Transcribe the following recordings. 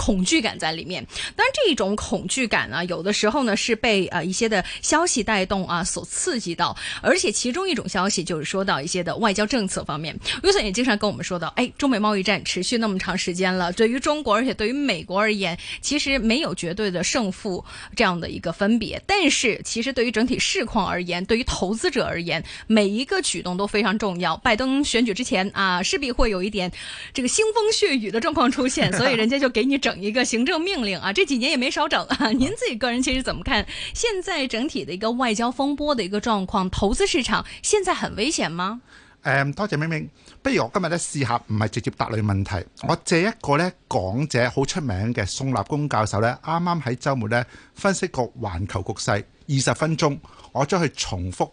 恐懼感在裏面，當然這一種恐懼感呢、啊，有的時候呢是被啊、呃、一些的消息帶動啊所刺激到，而且其中一種消息就是說到一些的外交政策方面，Wilson 也經常跟我們說到，哎，中美貿易戰持續那麼長時間了，對於中國而且對於美國而言，其實沒有絕對的勝負這樣的一個分別，但是其實對於整體市況而言，對於投資者而言，每一個舉動都非常重要。拜登選舉之前啊，勢必會有一點這個腥風血雨的狀況出現，所以人家就給你整。整一個行政命令啊，這幾年也沒少整啊。您自己個人其實怎麼看？現在整體的一個外交風波的一個狀況，投資市場現在很危險嗎？誒、um，多謝明明，不如我今日咧試下唔係直接答你問題，我借一個呢講者好出名嘅宋立功教授呢，啱啱喺周末呢分析過環球局勢二十分鐘，我將去重複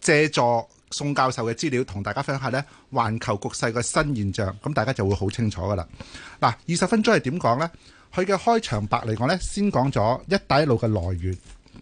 借助。宋教授嘅資料同大家分享下呢，環球局勢嘅新現象，咁大家就會好清楚噶啦。嗱，二十分鐘係點講呢？佢嘅開場白嚟講呢，先講咗一帶一路嘅來源。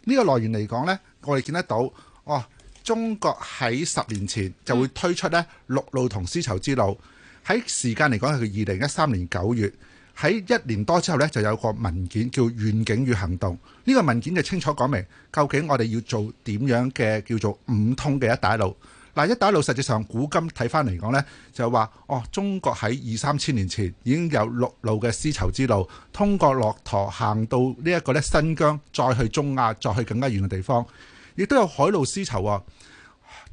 呢個來源嚟講呢，我哋見得到，哦，中國喺十年前就會推出呢陸路同絲綢之路。喺時間嚟講係佢二零一三年九月，喺一年多之後呢就有個文件叫《願景與行動》。呢個文件就清楚講明，究竟我哋要做點樣嘅叫做五通嘅一帶一路。嗱，一帶一路實際上古今睇翻嚟講呢，就係話，哦，中國喺二三千年前已經有陸路嘅絲綢之路，通過駱駝行到呢一個新疆，再去中亞，再去更加遠嘅地方，亦都有海路絲綢喎。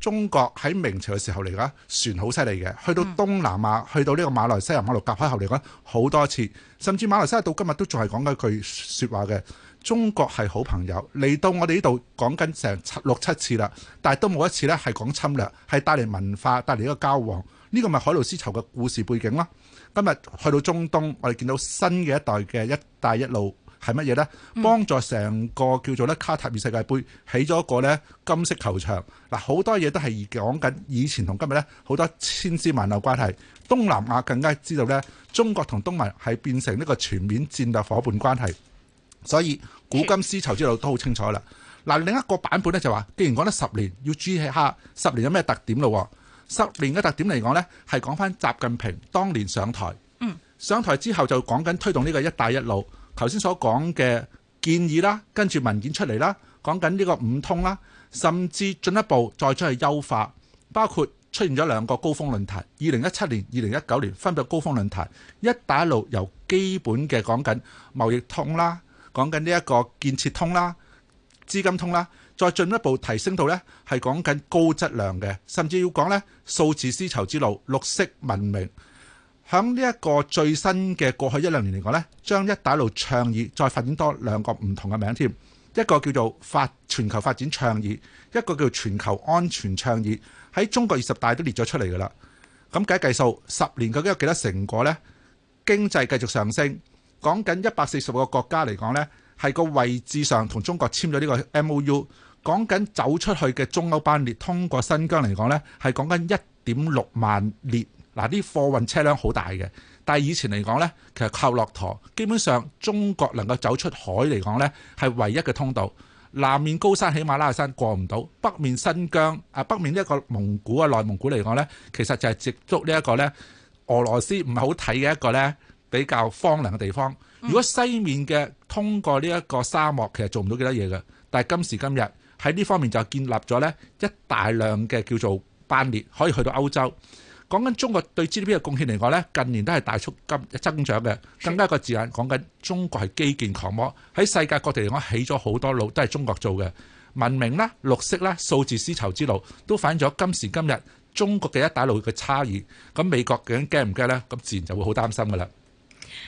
中國喺明朝嘅時候嚟講，船好犀利嘅，去到東南亞，嗯、去到呢個馬來西亞馬路夾喺後嚟講好多次，甚至馬來西亞到今日都仲係講緊一句説話嘅。中國係好朋友嚟到我哋呢度講緊成七六七次啦，但係都冇一次呢係講侵略，係帶嚟文化，帶嚟一個交往。呢個咪海路絲綢嘅故事背景咯。今日去到中東，我哋見到新嘅一代嘅一帶一路係乜嘢呢？幫助成個叫做咧卡塔爾世界盃起咗一個呢金色球場。嗱，好多嘢都係講緊以前同今日呢好多千絲萬縷關係。東南亞更加知道呢，中國同東盟係變成一個全面戰略夥伴關係。所以古今絲綢之路都好清楚啦。嗱，另一個版本咧就話，既然講得十年，要注意下十年有咩特點咯。十年嘅特點嚟講呢，係講翻習近平當年上台，上台之後就講緊推動呢個一帶一路。頭先所講嘅建議啦，跟住文件出嚟啦，講緊呢個五通啦，甚至進一步再出去優化，包括出現咗兩個高峰論壇，二零一七年、二零一九年分別高峰論壇，一帶一路由基本嘅講緊貿易通啦。講緊呢一個建設通啦、資金通啦，再進一步提升到呢，係講緊高質量嘅，甚至要講呢數字絲綢之路、綠色文明。響呢一個最新嘅過去一兩年嚟講呢，將一帶一路倡議再發展多兩個唔同嘅名添，一個叫做發全球發展倡議，一個叫全球安全倡議。喺中國二十大都列咗出嚟㗎啦。咁計計數，十年究竟有幾多成果呢？經濟繼續上升。講緊一百四十個國家嚟講呢係個位置上同中國簽咗呢個 MOU。講緊走出去嘅中歐班列通過新疆嚟講呢係講緊一點六萬列嗱，啲貨運車輛好大嘅。但係以前嚟講呢其實靠駱駝，基本上中國能夠走出海嚟講呢係唯一嘅通道。南面高山喜馬拉雅山過唔到，北面新疆啊，北面一個蒙古啊，內蒙古嚟講呢其實就係接觸呢一個呢俄羅斯唔係好睇嘅一個呢。比較荒涼嘅地方，如果西面嘅通過呢一個沙漠，其實做唔到幾多嘢嘅。但係今時今日喺呢方面就建立咗呢一大量嘅叫做班列，可以去到歐洲。講緊中國對 GDP 嘅貢獻嚟講呢，近年都係大促金增長嘅。更加一個字眼講緊中國係基建狂魔，喺世界各地嚟講起咗好多路都係中國做嘅文明啦、綠色啦、數字絲綢之路都反映咗今時今日中國嘅一帶一路嘅差異。咁美國究竟驚唔驚呢？咁自然就會好擔心噶啦。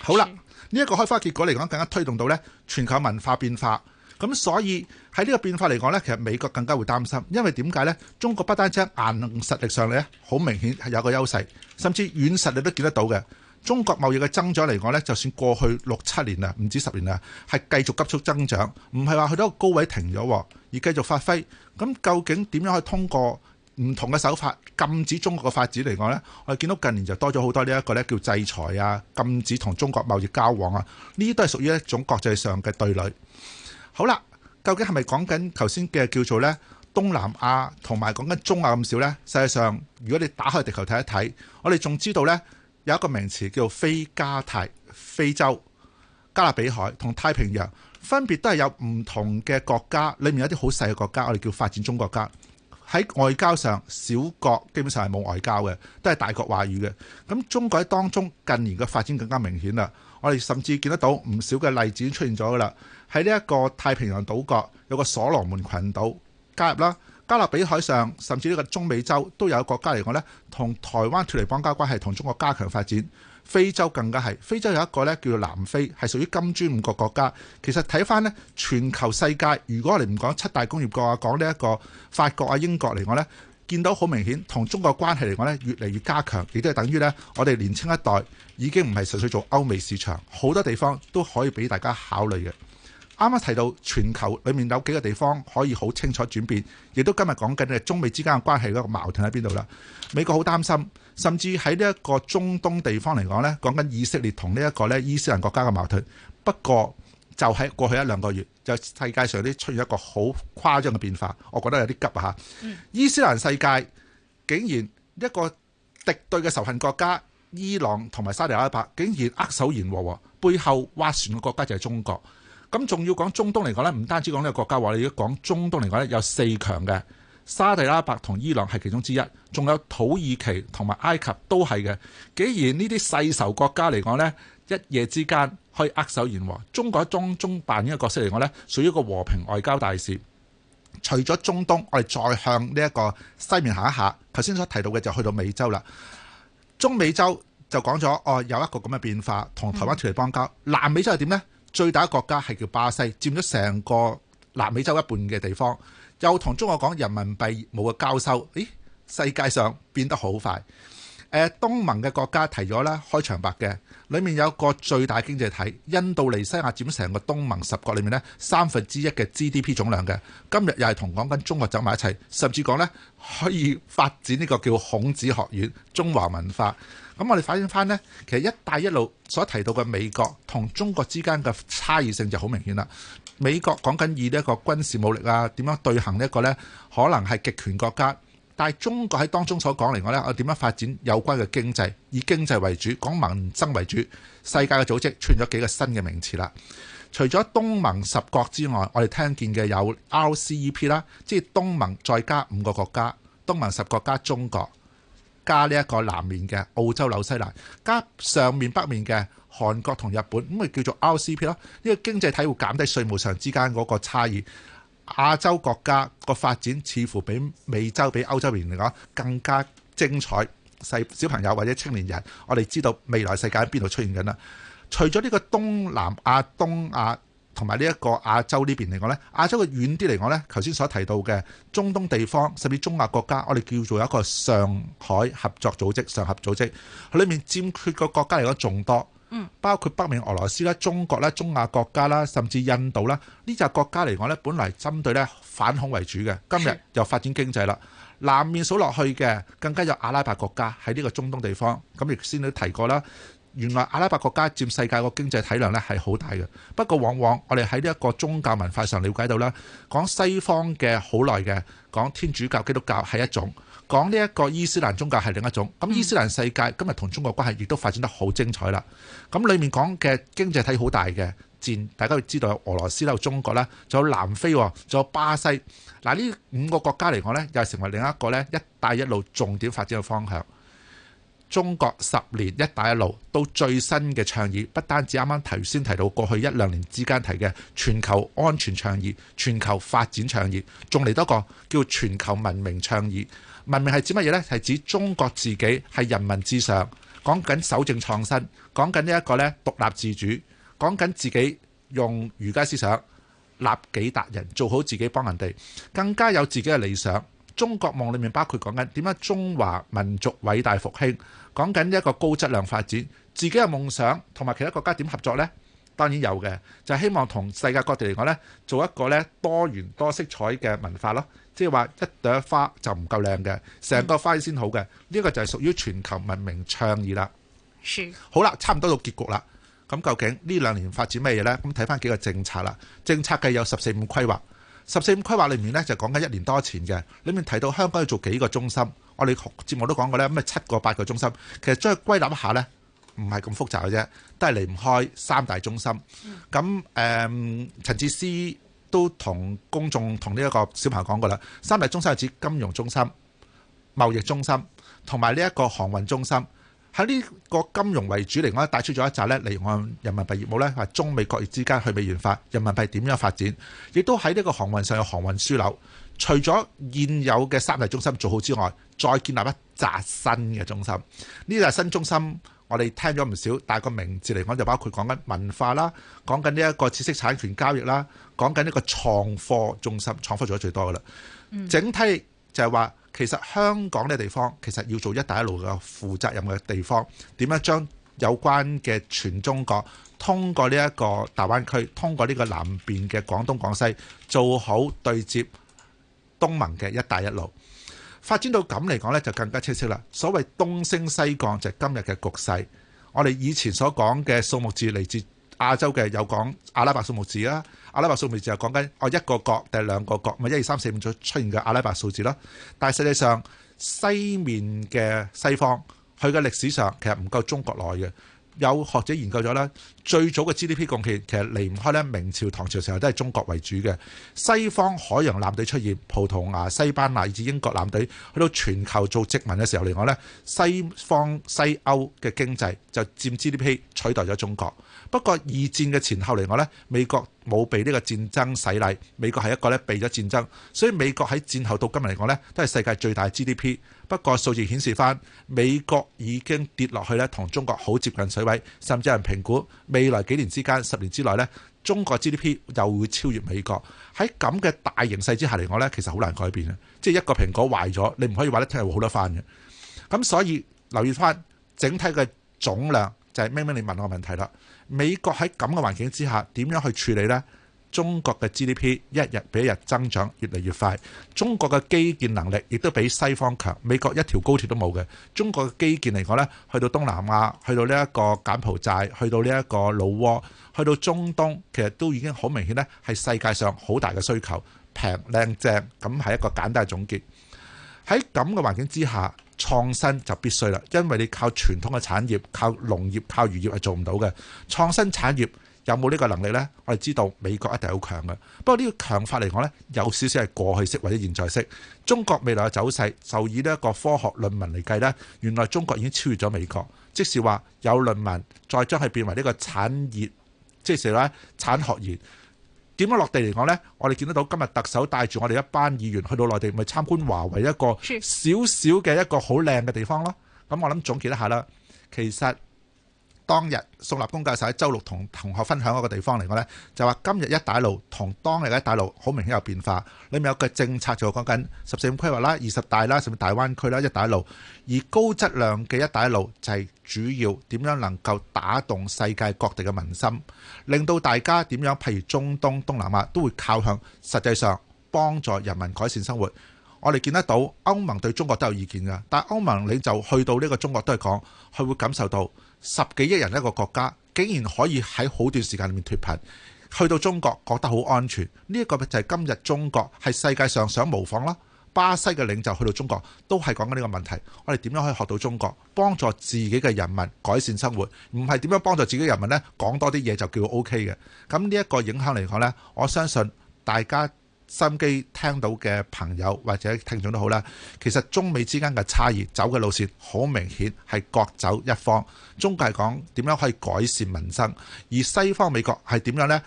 好啦，呢一個開花結果嚟講，更加推動到呢全球文化變化。咁所以喺呢個變化嚟講呢，其實美國更加會擔心，因為點解呢？中國不單止硬實力上呢，好明顯係有個優勢，甚至軟實力都見得到嘅。中國貿易嘅增長嚟講呢，就算過去六七年啊，唔止十年啊，係繼續急速增長，唔係話去到一個高位停咗而繼續發揮。咁究竟點樣可以通過唔同嘅手法禁止中國嘅發展嚟講呢，我哋見到近年就多咗好多呢一個呢叫制裁啊，禁止同中國貿易交往啊，呢啲都係屬於一種國際上嘅對壘。好啦，究竟係咪講緊頭先嘅叫做呢東南亞同埋講緊中亞咁少呢？實際上，如果你打開地球睇一睇，我哋仲知道呢有一個名詞叫做非加泰、非洲、加勒比海同太平洋分別都係有唔同嘅國家，裏面有啲好細嘅國家，我哋叫發展中國家。喺外交上，小國基本上係冇外交嘅，都係大國話語嘅。咁中國喺當中近年嘅發展更加明顯啦。我哋甚至見得到唔少嘅例子出現咗噶啦。喺呢一個太平洋島國有個所羅門群島加入啦，加勒比海上甚至呢個中美洲都有一個國家嚟講呢，同台灣脱離邦交關係，同中國加強發展。非洲更加係，非洲有一個咧叫做南非，係屬於金磚五個國家。其實睇翻咧，全球世界如果我哋唔講七大工業國啊，講呢一個法國啊、英國嚟講咧，見到好明顯，同中國關係嚟講咧，越嚟越加強，亦都係等於咧，我哋年青一代已經唔係純粹做歐美市場，好多地方都可以俾大家考慮嘅。啱啱提到全球裏面有幾個地方可以好清楚轉變，亦都今日講緊咧中美之間嘅關係嗰個矛盾喺邊度啦？美國好擔心，甚至喺呢一個中東地方嚟講咧，講緊以色列同呢一個咧伊斯蘭國家嘅矛盾。不過就喺過去一兩個月，就世界上出現一個好誇張嘅變化，我覺得有啲急吓，嗯。伊斯蘭世界竟然一個敵對嘅仇恨國家伊朗同埋沙特阿拉伯，竟然握手言和，和，背後挖船嘅國家就係中國。咁仲要講中東嚟講呢，唔單止講呢個國家話，你要講中東嚟講呢，有四強嘅沙地阿拉伯同伊朗係其中之一，仲有土耳其同埋埃及都係嘅。既然呢啲世仇國家嚟講呢，一夜之間可以握手言和，中國喺中中扮演呢個角色嚟講呢，屬於一個和平外交大事。除咗中東，我哋再向呢一個西面行一下，頭先所提到嘅就去到美洲啦。中美洲就講咗哦，有一個咁嘅變化，同台灣脫離邦交，嗯。南美洲係點呢？最大國家係叫巴西，佔咗成個南美洲一半嘅地方，又同中國講人民幣冇個交收，誒，世界上變得好快。誒，東盟嘅國家提咗咧開場白嘅，裡面有個最大經濟體印度尼西亞，佔成個東盟十國裏面呢三分之一嘅 GDP 總量嘅。今日又係同講緊中國走埋一齊，甚至講呢可以發展呢個叫孔子學院、中華文化。咁我哋反映翻呢，其實一帶一路所提到嘅美國同中國之間嘅差異性就好明顯啦。美國講緊以呢一個軍事武力啊，點樣對衡呢一個呢？可能係極權國家。但係中國喺當中所講嚟講呢，我點樣發展有關嘅經濟？以經濟為主，講民生為主。世界嘅組織串咗幾個新嘅名詞啦。除咗東盟十國之外，我哋聽見嘅有 RCEP 啦，即係東盟再加五個國家，東盟十國加中國加呢一個南面嘅澳洲紐西蘭，加上面北面嘅韓國同日本，咁咪叫做 RCEP 咯。呢個經濟體會減低稅務上之間嗰個差異。亞洲國家個發展似乎比美洲、比歐洲人嚟講更加精彩。細小朋友或者青年人，我哋知道未來世界喺邊度出現緊啦。除咗呢個東南亞、東亞同埋呢一個亞洲呢邊嚟講呢，亞洲嘅遠啲嚟講呢，頭先所提到嘅中東地方，甚至中亞國家，我哋叫做一個上海合作組織、上合組織，佢裏面佔缺個國家嚟講仲多。包括北面俄羅斯啦、中國啦、中亞國家啦，甚至印度啦，呢隻國家嚟講呢，本來針對咧反恐為主嘅，今日又發展經濟啦。南面數落去嘅，更加有阿拉伯國家喺呢個中東地方。咁亦先都提過啦，原來阿拉伯國家佔世界個經濟體量咧係好大嘅。不過往往我哋喺呢一個宗教文化上了解到啦，講西方嘅好耐嘅，講天主教、基督教係一種。講呢一個伊斯蘭宗教係另一種，咁伊斯蘭世界今日同中國關係亦都發展得好精彩啦。咁裏面講嘅經濟體好大嘅，戰大家要知道有俄羅斯啦、中國啦，仲有南非，仲有巴西。嗱，呢五個國家嚟講呢，又成為另一個呢一帶一路重點發展嘅方向。中國十年一帶一路到最新嘅倡議，不單止啱啱頭先提到過去一兩年之間提嘅全球安全倡議、全球發展倡議，仲嚟多個叫全球文明倡議。文明係指乜嘢呢？係指中國自己係人民至上，講緊守正創新，講緊呢一個咧獨立自主，講緊自己用儒家思想立己達人，做好自己幫人哋，更加有自己嘅理想。中國夢裡面包括講緊點解「中華民族偉大復興，講緊呢一個高質量發展，自己嘅夢想同埋其他國家點合作呢？當然有嘅，就係希望同世界各地嚟講呢做一個呢多元多色彩嘅文化咯。即係話一朵花就唔夠靚嘅，成個花先好嘅。呢個就係屬於全球文明倡議啦。好啦，差唔多到結局啦。咁究竟呢兩年發展咩嘢呢？咁睇翻幾個政策啦。政策計有十四五規劃。十四五規劃裏面呢，就講緊一年多前嘅，裡面提到香港要做幾個中心。我哋節目都講過呢，咁啊七個八個中心。其實將佢歸納一下呢。唔係咁複雜嘅啫，都係離唔開三大中心。咁誒，陳智思都同公眾同呢一個小朋友講過啦。三大中心係指金融中心、貿易中心同埋呢一個航運中心。喺呢個金融為主嚟講，帶出咗一紮咧離岸人民幣業務咧，係中美國別之間去美元化，人民幣點樣發展，亦都喺呢個航運上有航運樞紐。除咗現有嘅三大中心做好之外，再建立一紮新嘅中心。呢個係新中心。我哋聽咗唔少，但個名字嚟講就包括講緊文化啦，講緊呢一個知識產權交易啦，講緊呢個創貨中心，創貨做咗最多噶啦、嗯。整體就係話，其實香港呢地方其實要做一帶一路嘅負責任嘅地方，點樣將有關嘅全中國通過呢一個大灣區，通過呢個南邊嘅廣東廣西做好對接東盟嘅一帶一路。發展到咁嚟講呢，就更加清晰啦。所謂東升西降係就今日嘅局勢。我哋以前所講嘅數目字嚟自亞洲嘅，有講阿拉伯數目字啦，阿拉伯數目字就講緊我一個國定兩個國，咪一二三四五咗出現嘅阿拉伯數字咯。但係實際上西面嘅西方，佢嘅歷史上其實唔夠中國耐嘅。有學者研究咗咧，最早嘅 GDP 貢獻其實離唔開咧，明朝、唐朝時候都係中國為主嘅。西方海洋艦隊出現，葡萄牙、西班牙以至英國艦隊去到全球做殖民嘅時候嚟講咧，西方西歐嘅經濟就佔 GDP 取代咗中國。不過二戰嘅前後嚟講咧，美國。冇被呢個戰爭洗禮，美國係一個咧避咗戰爭，所以美國喺戰後到今日嚟講咧，都係世界最大 GDP。不過數字顯示翻，美國已經跌落去咧，同中國好接近水位，甚至有人評估未來幾年之間、十年之內咧，中國 GDP 又會超越美國。喺咁嘅大形勢之下嚟講咧，其實好難改變啊！即係一個蘋果壞咗，你唔可以話得聽日會好得翻嘅。咁所以留意翻整體嘅總量。就係咩咩？你問我個問題啦。美國喺咁嘅環境之下，點樣去處理呢？中國嘅 GDP 一日比一日增長越嚟越快，中國嘅基建能力亦都比西方強。美國一條高鐵都冇嘅，中國嘅基建嚟講呢，去到東南亞，去到呢一個柬埔寨，去到呢一個老撾，去到中東，其實都已經好明顯呢，係世界上好大嘅需求，平靚正咁係一個簡單嘅總結。喺咁嘅環境之下。創新就必須啦，因為你靠傳統嘅產業、靠農業、靠漁業係做唔到嘅。創新產業有冇呢個能力呢？我哋知道美國一定好強嘅。不過呢個強法嚟講呢，有少少係過去式或者現在式。中國未來嘅走勢就以呢一個科學論文嚟計咧，原來中國已經超越咗美國。即使話有論文，再將佢變為呢個產業，即是咧產學研。點樣落地嚟講呢？我哋見得到今日特首帶住我哋一班議員去到內地，咪參觀華為一個小小嘅一個好靚嘅地方咯。咁、嗯、我諗總結一下啦，其實當日宋立功教授喺週六同同學分享嗰個地方嚟講呢，就話今日一帶一路同當日嘅一帶路好明顯有變化。裏面有個政策就講緊十四五規劃啦、二十大啦，甚至大灣區啦、一帶一路。而高質量嘅一帶一路就係主要點樣能夠打動世界各地嘅民心，令到大家點樣譬如中東、東南亞都會靠向實際上幫助人民改善生活。我哋見得到歐盟對中國都有意見㗎，但係歐盟你就去到呢個中國都係講佢會感受到。十幾億人一個國家，竟然可以喺好短時間裏面脫貧，去到中國覺得好安全。呢一個就係今日中國係世界上想模仿啦。巴西嘅領袖去到中國都係講緊呢個問題。我哋點樣可以學到中國，幫助自己嘅人民改善生活？唔係點樣幫助自己嘅人民呢？講多啲嘢就叫 OK 嘅。咁呢一個影響嚟講呢，我相信大家。心機聽到嘅朋友或者聽眾都好啦，其實中美之間嘅差異走嘅路線好明顯係各走一方。中國係講點樣可以改善民生，而西方美國係點樣呢？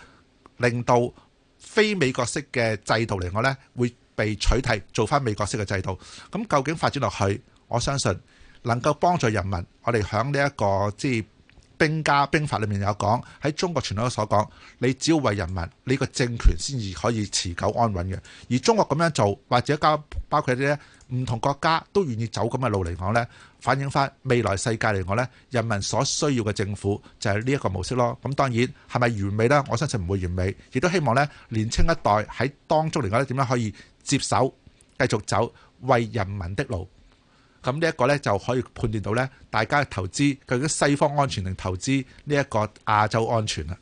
令到非美國式嘅制度嚟講呢，會被取締做返美國式嘅制度。咁究竟發展落去，我相信能夠幫助人民。我哋喺呢一個即係。兵家兵法裏面有講，喺中國傳統所講，你只要為人民，你個政權先至可以持久安穩嘅。而中國咁樣做，或者交包括啲呢唔同國家都願意走咁嘅路嚟講呢，反映翻未來世界嚟講呢，人民所需要嘅政府就係呢一個模式咯。咁當然係咪完美呢？我相信唔會完美，亦都希望呢年青一代喺當中嚟講呢，點樣可以接手，繼續走為人民的路。咁呢一個呢，就可以判斷到呢大家投資究竟西方安全定投資呢一個亞洲安全啦。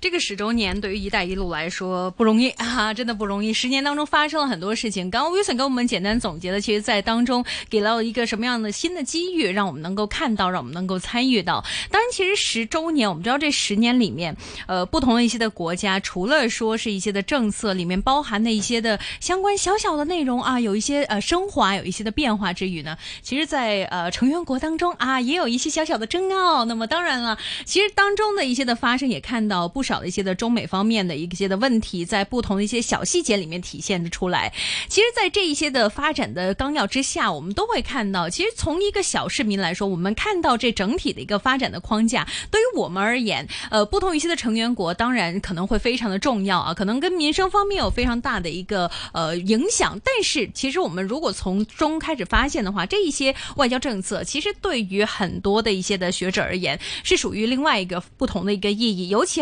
這個十周年對於“一帶一路”來說不容易啊，真的不容易。十年當中發生了很多事情。剛剛 Wilson 給我們簡單總結了，其實在當中給了一個什麼樣的新的機遇，讓我們能夠看到，讓我們能夠參與到。當然，其實十周年，我們知道這十年裏面，呃，不同的一些的國家，除了說是一些的政策裏面包含的一些的相關小小的內容啊，有一些呃升華，有一些的變化之餘呢，其實在呃成員國當中啊，也有一些小小的爭拗。那麼當然了，其實當中的一些的發生也看到。呃，不少的一些的中美方面的一些的問題，在不同的一些小細節裏面體現的出來。其實，在這一些的發展的綱要之下，我們都會看到，其實從一個小市民來說，我們看到這整體的一個發展的框架，對於我們而言，呃，不同一些的成員國當然可能會非常的重要啊，可能跟民生方面有非常大的一個呃影響。但是，其實我們如果從中開始發現的話，這一些外交政策，其實對於很多的一些的學者而言，是屬於另外一個不同的一個意義，尤其。